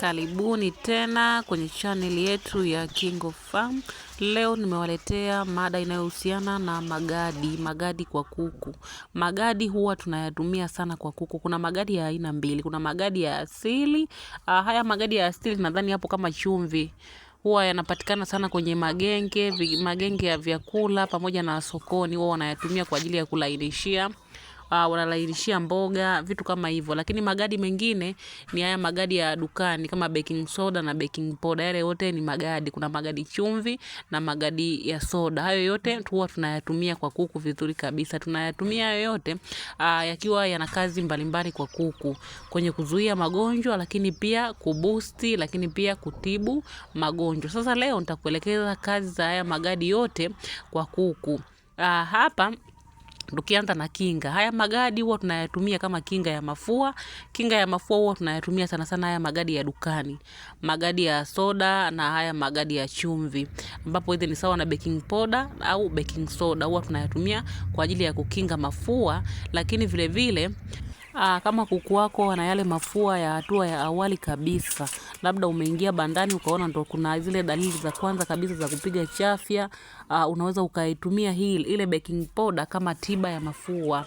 Karibuni tena kwenye chaneli yetu ya Kingo Farm. Leo nimewaletea mada inayohusiana na magadi, magadi kwa kuku. Magadi huwa tunayatumia sana kwa kuku. Kuna magadi ya aina mbili, kuna magadi ya asili. Uh, haya magadi ya asili nadhani hapo kama chumvi huwa yanapatikana sana kwenye magenge, magenge ya vyakula pamoja na sokoni, huwa wanayatumia kwa ajili ya kulainishia uh, ah, wanalailishia mboga, vitu kama hivyo. Lakini magadi mengine ni haya magadi ya dukani kama baking soda na baking powder, yale yote ni magadi. Kuna magadi chumvi na magadi ya soda, hayo yote huwa tunayatumia kwa kuku vizuri kabisa. Tunayatumia hayo yote uh, yakiwa yana kazi mbalimbali kwa kuku kwenye kuzuia magonjwa, lakini pia kubusti, lakini pia kutibu magonjwa. Sasa leo nitakuelekeza kazi za haya magadi yote kwa kuku. Uh, hapa Tukianza na kinga, haya magadi huwa tunayatumia kama kinga ya mafua. Kinga ya mafua huwa tunayatumia sana sana haya magadi ya dukani, magadi ya soda na haya magadi ya chumvi, ambapo hizi ni sawa na baking powder au baking soda. Huwa tunayatumia kwa ajili ya kukinga mafua, lakini vile vile Aa, ah, kama kuku wako wana yale mafua ya hatua ya awali kabisa, labda umeingia bandani ukaona ndo kuna zile dalili za kwanza kabisa za kupiga chafya uh, unaweza ukaitumia hii ile baking powder kama tiba ya mafua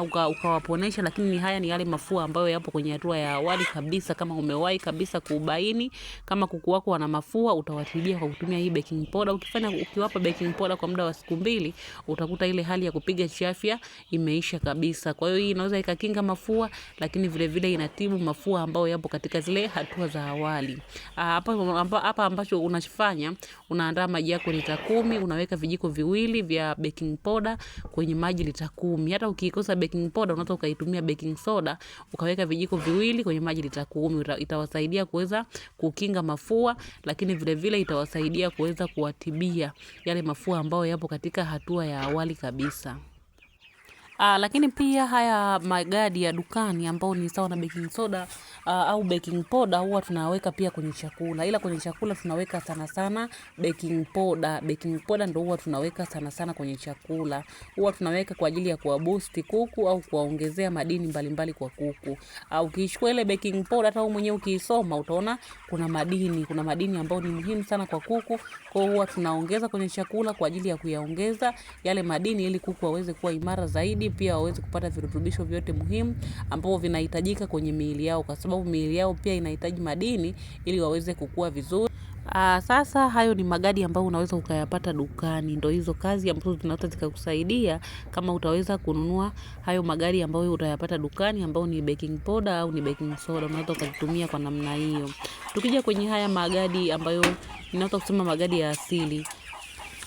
uh, ukawaponesha, lakini ni haya ni yale mafua ambayo yapo kwenye hatua ya awali kabisa. Kama umewahi kabisa kubaini kama kuku wako wana mafua, utawatibia kwa kutumia hii baking powder. Ukifanya ukiwapa baking powder kwa muda wa siku mbili, utakuta ile hali ya kupiga chafya imeisha kabisa. Kwa hiyo hii inaweza ikakinga mafua, lakini vile vile inatibu mafua ambayo yapo katika zile hatua za awali. Ah, hapa uh, hapa ambacho unachofanya unaandaa maji yako lita kumi una unaweka vijiko viwili vya baking powder kwenye maji lita kumi. Hata ukikosa baking powder unaweza ukaitumia baking soda ukaweka vijiko viwili kwenye maji lita kumi. Itawasaidia kuweza kukinga mafua, lakini vile vile itawasaidia kuweza kuwatibia yale mafua ambayo yapo katika hatua ya awali kabisa. Uh, lakini pia haya magadi ya dukani ambao ni sawa na baking soda uh, au baking powder huwa tunaweka pia kwenye chakula, ila kwenye chakula tunaweka sana sana baking powder. Baking powder ndio huwa tunaweka sana sana kwenye chakula, huwa tunaweka kwa ajili ya kuwabusti kuku au kuwaongezea madini mbalimbali mbali kwa kuku. Au ah, ukishukua ile baking powder, hata wewe mwenyewe ukiisoma utaona kuna madini, kuna madini ambayo ni muhimu sana kwa kuku, kwa huwa tunaongeza kwenye chakula kwa ajili ya kuyaongeza yale madini ili kuku waweze kuwa imara zaidi ili pia waweze kupata virutubisho vyote muhimu ambavyo vinahitajika kwenye miili yao, kwa sababu miili yao pia inahitaji madini ili waweze kukua vizuri. Aa, ah, sasa hayo ni magadi ambayo unaweza ukayapata dukani. Ndio hizo kazi ambazo zinaweza zikakusaidia kama utaweza kununua hayo magadi ambayo utayapata dukani ambayo ni baking powder au ni baking soda, unaweza ukatumia kwa namna hiyo. Tukija kwenye haya magadi ambayo ninaweza kusema magadi ya asili.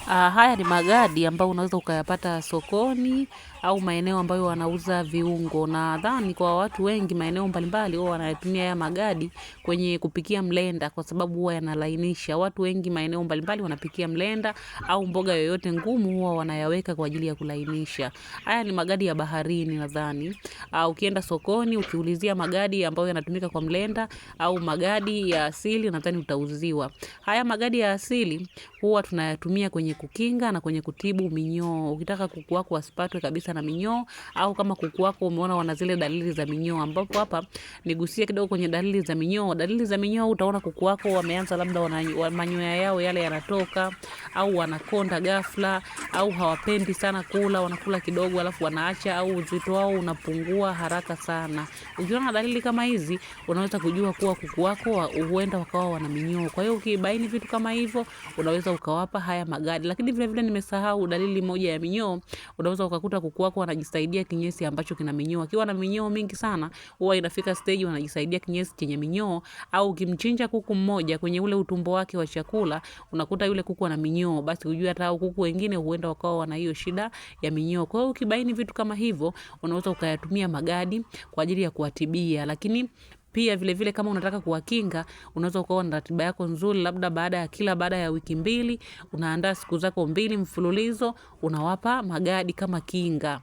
Aa, ah, haya ni magadi ambayo unaweza ukayapata sokoni au maeneo ambayo wanauza viungo. Nadhani kwa watu wengi maeneo mbalimbali huwa wanatumia haya magadi kwenye kupikia mlenda, kwa sababu huwa yanalainisha. Watu wengi maeneo mbalimbali wanapikia mlenda au mboga yoyote ngumu, huwa wanayaweka kwa ajili ya kulainisha. Haya ni magadi ya baharini nadhani. Au ah, ukienda sokoni ukiulizia magadi ambayo yanatumika kwa mlenda au magadi ya asili, nadhani utauziwa. Haya magadi ya asili huwa tunayatumia kwenye kukinga na kwenye kutibu minyoo. Ukitaka kuku wako asipatwe kabisa kuhangaika na minyoo au kama kuku wako umeona wana zile dalili za minyoo, ambapo hapa nigusie kidogo kwenye dalili za minyoo. Dalili za minyoo, utaona kuku wako wameanza labda wana manyoya yao yale yanatoka, au wanakonda ghafla, au hawapendi sana kula, wanakula kidogo alafu wanaacha, au uzito wao unapungua haraka sana. Ukiona dalili kama hizi, unaweza kujua kuwa kuku wako huenda wakawa wana minyoo. Kwa hiyo ukibaini vitu kama hivyo, unaweza ukawapa haya magadi. Lakini vile vile nimesahau dalili moja ya minyoo, unaweza ukakuta kuku wako wanajisaidia kinyesi ambacho kina minyoo. Akiwa na minyoo mingi sana, huwa inafika stage wanajisaidia kinyesi chenye minyoo. Au ukimchinja kuku mmoja kwenye ule utumbo wake wa chakula, unakuta yule kuku ana minyoo, basi ujue hata kuku wengine huenda wakawa wana hiyo shida ya minyoo. Kwa hiyo ukibaini vitu kama hivyo, unaweza ukayatumia magadi kwa ajili ya kuwatibia, lakini pia vilevile vile kama unataka kuwakinga, unaweza ukawa na ratiba yako nzuri, labda baada ya kila baada ya wiki mbili unaandaa siku zako mbili mfululizo unawapa magadi kama kinga.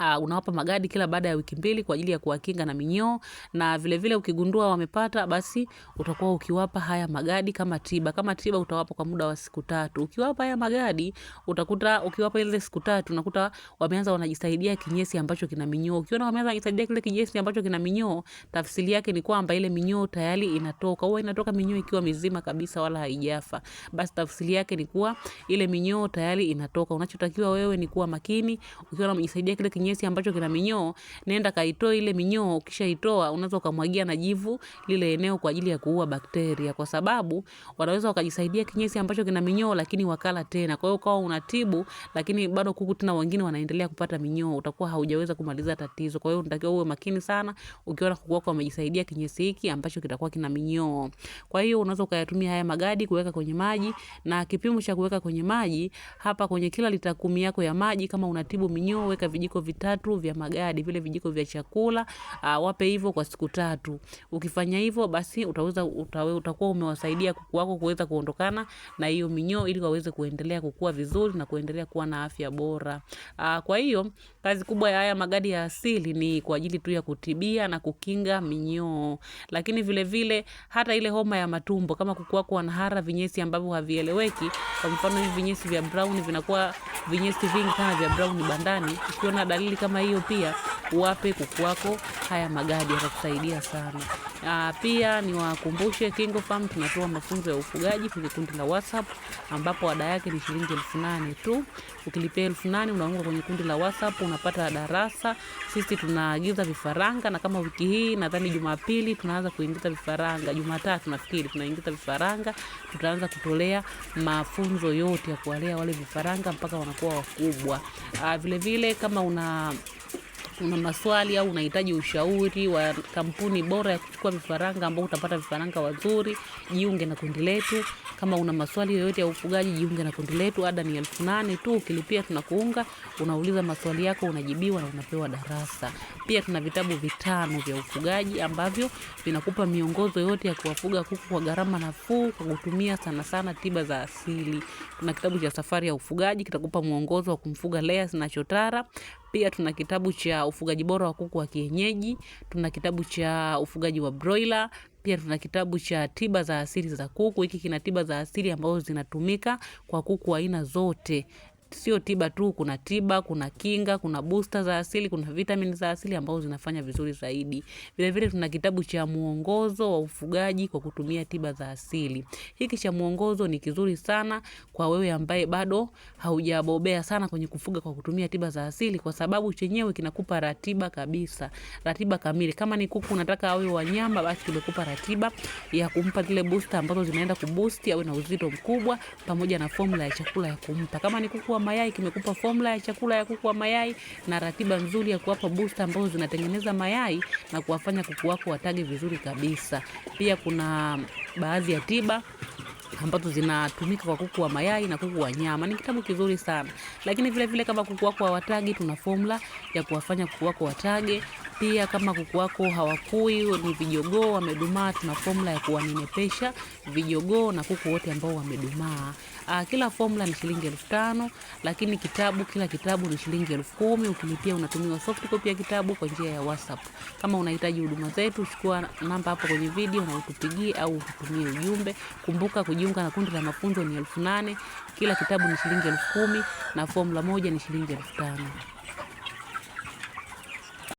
Uh, unawapa magadi kila baada ya wiki mbili kwa ajili ya kuwakinga na minyoo, na vile vile ukigundua wamepata, basi utakuwa ukiwapa haya magadi kama tiba. Kama tiba utawapa kwa muda wa siku tatu. Ukiwapa haya magadi utakuta, ukiwapa ile siku tatu unakuta wameanza wanajisaidia kinyesi ambacho kina minyoo. Ukiona wameanza kujisaidia kile kinyesi ambacho kina minyoo, tafsiri yake ni kwamba ile minyoo tayari inatoka. Huwa inatoka minyoo ikiwa mizima kabisa wala haijafa, basi tafsiri yake ni kuwa ile minyoo tayari inatoka. Unachotakiwa wewe ni kuwa makini, ukiona wamejisaidia kile kinyesi kinyesi ambacho kina minyoo, nenda kaitoa ile minyoo. Ukishaitoa unaweza ukamwagia na jivu lile eneo kwa ajili ya kuua bakteria, kwa sababu wanaweza wakajisaidia kinyesi ambacho kina minyoo, lakini wakala tena. Kwa hiyo ukawa unatibu, lakini bado kuku tena wengine wanaendelea kupata minyoo, utakuwa haujaweza kumaliza tatizo. Kwa hiyo unatakiwa uwe makini sana ukiona kuku wako wamejisaidia kinyesi hiki ambacho kitakuwa kina minyoo. Kwa hiyo unaweza ukayatumia haya magadi kuweka kwenye maji, na kipimo cha kuweka kwenye maji hapa, kwenye kila lita kumi yako ya maji, kama unatibu minyoo, weka vijiko vitatu vitatu vya magadi, vile vijiko vya chakula uh, wape hivyo kwa siku tatu. Ukifanya hivyo basi utaweza utawe, utakuwa umewasaidia kuku wako kuweza kuondokana na hiyo minyoo ili waweze kuendelea kukua vizuri na kuendelea kuwa na afya bora. Uh, kwa hiyo Kazi kubwa ya haya magadi ya asili ni kwa ajili tu ya kutibia na kukinga minyoo, lakini vile vile hata ile homa ya matumbo, kama kukuwa kwa nahara vinyesi ambavyo havieleweki. Kwa mfano hivi vinyesi vya brown vinakuwa vinyesi vingi kama vya brown bandani. Ukiona dalili kama hiyo, pia uwape kuku wako haya magadi, yatakusaidia sana. Aa, ah, pia niwakumbushe Kingo Farm tunatoa mafunzo ya ufugaji kwenye kundi la WhatsApp ambapo ada yake ni shilingi elfu nane tu. Ukilipia elfu nane unaunga kwenye kundi la WhatsApp una tunapata darasa. Sisi tunaagiza vifaranga, na kama wiki hii nadhani Jumapili tunaanza kuingiza vifaranga, Jumatatu nafikiri tunaingiza vifaranga. Tutaanza kutolea mafunzo yote ya kuwalea wale vifaranga mpaka wanakuwa wakubwa. Vilevile ah, vile, kama una una maswali au unahitaji ushauri wa kampuni bora ya kuchukua vifaranga ambao utapata vifaranga wazuri, jiunge na kundi letu. Kama una maswali yoyote ya ufugaji, jiunge na kundi letu. Ada ni elfu nane tu, ukilipia tunakuunga, unauliza maswali yako, unajibiwa na unapewa darasa. Pia tuna vitabu vitano vya ufugaji ambavyo vinakupa miongozo yote ya kuwafuga kuku kwa gharama nafuu kwa kutumia sana sana tiba za asili. Tuna kitabu cha safari ya ufugaji kitakupa mwongozo wa kumfuga layers na chotara. Pia tuna kitabu cha ufugaji bora wa kuku wa kienyeji, tuna kitabu cha ufugaji wa broiler, pia tuna kitabu cha tiba za asili za kuku. Hiki kina tiba za asili ambazo zinatumika kwa kuku aina zote sio tiba tu, kuna tiba, kuna kinga, kuna booster za asili, kuna vitamin za asili ambazo zinafanya vizuri zaidi. Vile vile tuna kitabu cha mwongozo wa ufugaji kwa kutumia tiba za asili. Hiki cha mwongozo ni kizuri sana kwa wewe ambaye bado haujabobea sana kwenye kufuga kwa kutumia tiba za asili, kwa sababu chenyewe kinakupa ratiba kabisa, ratiba kamili. Kama ni kuku unataka awe wa nyama, basi kimekupa ratiba ya kumpa zile booster ambazo zinaenda kuboost awe na uzito mkubwa, pamoja na formula ya chakula ya kumpa. Kama ni kuku wa mayai kimekupa formula ya chakula ya kuku wa mayai na ratiba nzuri ya kuwapa booster ambazo zinatengeneza mayai na kuwafanya kuku wako watage vizuri kabisa. Pia kuna baadhi ya tiba ambazo zinatumika kwa kuku wa mayai na kuku wa nyama. Ni kitabu kizuri sana, lakini vile vile kama kuku wako hawatagi, tuna formula ya kuwafanya kuku wako watage pia kama kuku wako hawakui, ni vijogoo wamedumaa, tuna fomula ya kuwanenepesha vijogoo na kuku wote ambao wamedumaa. Aa, ah, kila formula ni shilingi elfu tano lakini kitabu, kila kitabu ni shilingi elfu kumi Ukilipia unatumiwa soft copy ya kitabu kwa njia ya WhatsApp. Kama unahitaji huduma zetu, chukua namba hapo kwenye video na utupigie au ututumie ujumbe. Kumbuka kujiunga na kundi la mafunzo ni elfu nane kila kitabu ni shilingi elfu kumi na formula moja ni shilingi elfu tano